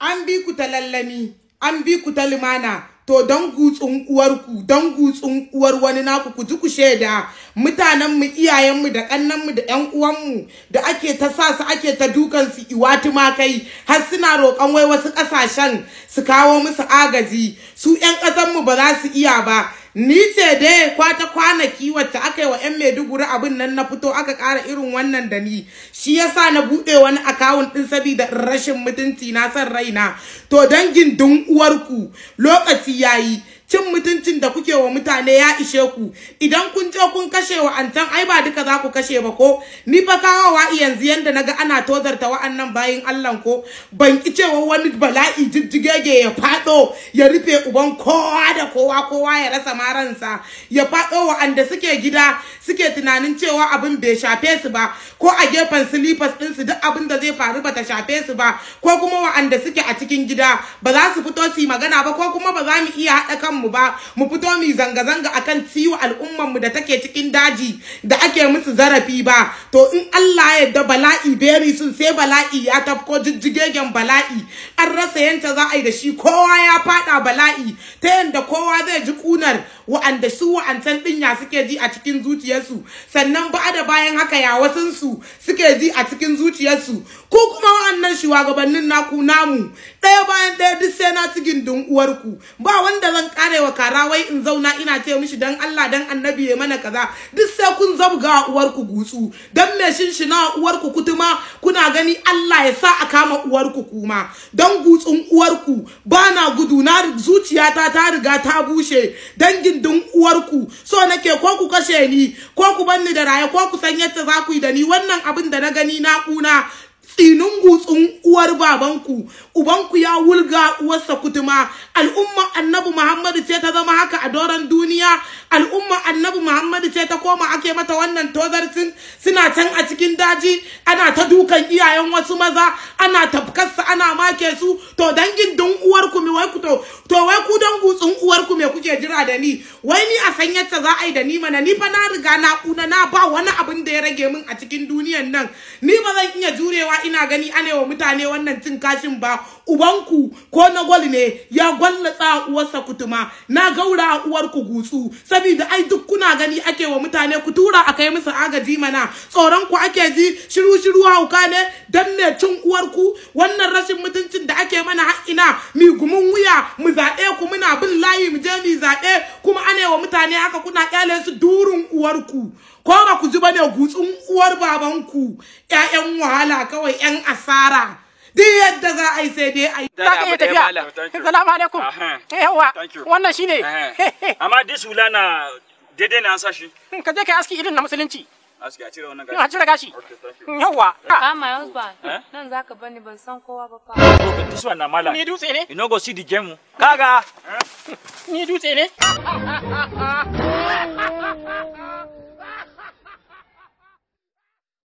an bi ku ta lallami an bi ku ta limana to don gutsun uwarku don gutsun uwar wani naku ku ji ku shaida mutanenmu iyayenmu da ƙannenmu da ƴan uwanmu da ake ta sa su ake ta dukan su iwatu ma kai har suna roƙon wai wasu ƙasashen su kawo musu agaji su ƴan ƙasanmu ba za su iya ba ni ce dai kwata kwanaki wacce aka yi wa 'yan maiduguri abin nan na fito aka kara irin wannan da ni shi yasa na buɗe wani akawun ɗin saboda rashin mutunci na son raina to dangin dun uwarku lokaci yayi cin mutuncin da kuke wa mutane ya ishe ku idan kun je kun kashe wa antan ai ba duka za ku kashe ba ko ni fa kawawa yanzu yanda naga ana tozarta wa'annan bayin Allah ko ban ki cewa wani bala'i jijjigege ya fado ya rufe uban kowa da kowa kowa ya rasa maransa, ya fado wa'anda suke gida suke tunanin cewa abin bai shafe su ba ko a gefen slippers din su duk abin da zai faru ba ta shafe su ba ko kuma wa'anda suke a cikin gida ba za su fito su yi magana ba ko kuma ba za mu iya haɗa kan kanmu ba mu fito mu zanga-zanga akan ciwo al'ummar mu da take cikin daji da ake musu zarafi ba to in Allah ya yarda bala'i beri sun sai bala'i ya tafko jijjigegen bala'i an rasa yanta za a yi da shi kowa ya fada bala'i ta yanda kowa zai ji kunar wa'anda su wa'ancan dinya suke ji a cikin zuciyarsu sannan ba da bayan haka ya su suke ji a cikin zuciyarsu ko kuma wa'annan shugabannin naku namu ɗaya bayan ɗaya duk sai na cikin uwarku ba wanda zan ƙara gane wa kara wai in zauna ina ce mishi dan Allah dan annabi ya mana kaza duk sai kun zabga uwarku gutsu dan me shinshina uwarku kutuma kuna gani Allah ya sa a kama uwarku kuma dan gutsun uwarku bana gudu na zuciyata ta riga ta bushe dan gindin uwarku so nake ko ku kashe ni ko ku banni da raye ko ku san yadda za ku yi da ni wannan abin da na gani na kuna tsinin gutsun uwar babanku ubanku ya wulga uwarsa kutuma al'umma annabi muhammadu ce ta zama haka a doron duniya al'umma annabi muhammadu ce ta koma ake mata wannan tozarcin suna can a cikin daji ana ta dukan iyayen wasu maza ana tafkarsa ana make su to dangin don uwar ku wai ku to to wai ku don gutsun uwar ku me kuke jira da ni wai ni a san za a yi da ni mana ni fa na riga na kuna na ba wani abin da ya rage min a cikin duniyan nan ni ba zan iya jurewa ina gani ana wa mutane wannan cin kashin ba ubanku ko na gwal ne ya gwallatsa uwarsa kutuma na gaura uwarku gutsu sai da ai duk kuna gani ake wa mutane ku tura a kai musu agaji mana tsoron ku ake ji shiru shiru hauka ne dan me cin uwar ku wannan rashin mutuncin da ake mana har ina mi gumun wuya mu zaɓe ku muna bin layi mu je mu zaɓe kuma ane wa mutane haka kuna kyale su durin uwar ku ko ba ku ji bane gutsun uwar babanku 'ya'yan ƴaƴan wahala kawai ƴan asara duk yadda za a yi sai dai a yi. Za ka iya tafiya. Salamu alaikum. Eh, wannan Amma dis hula na daidai na sa shi. Hmm, ka je ka aski irin na musulunci. Aski a cire wannan gashi. A cire gashi. Yawwa. Ah my husband. Eh? Nan za ka bani ban san kowa ba fa. Oh, this one mala. Ni dutse ne. You no go see the game. Kaga. Ni dutse ne.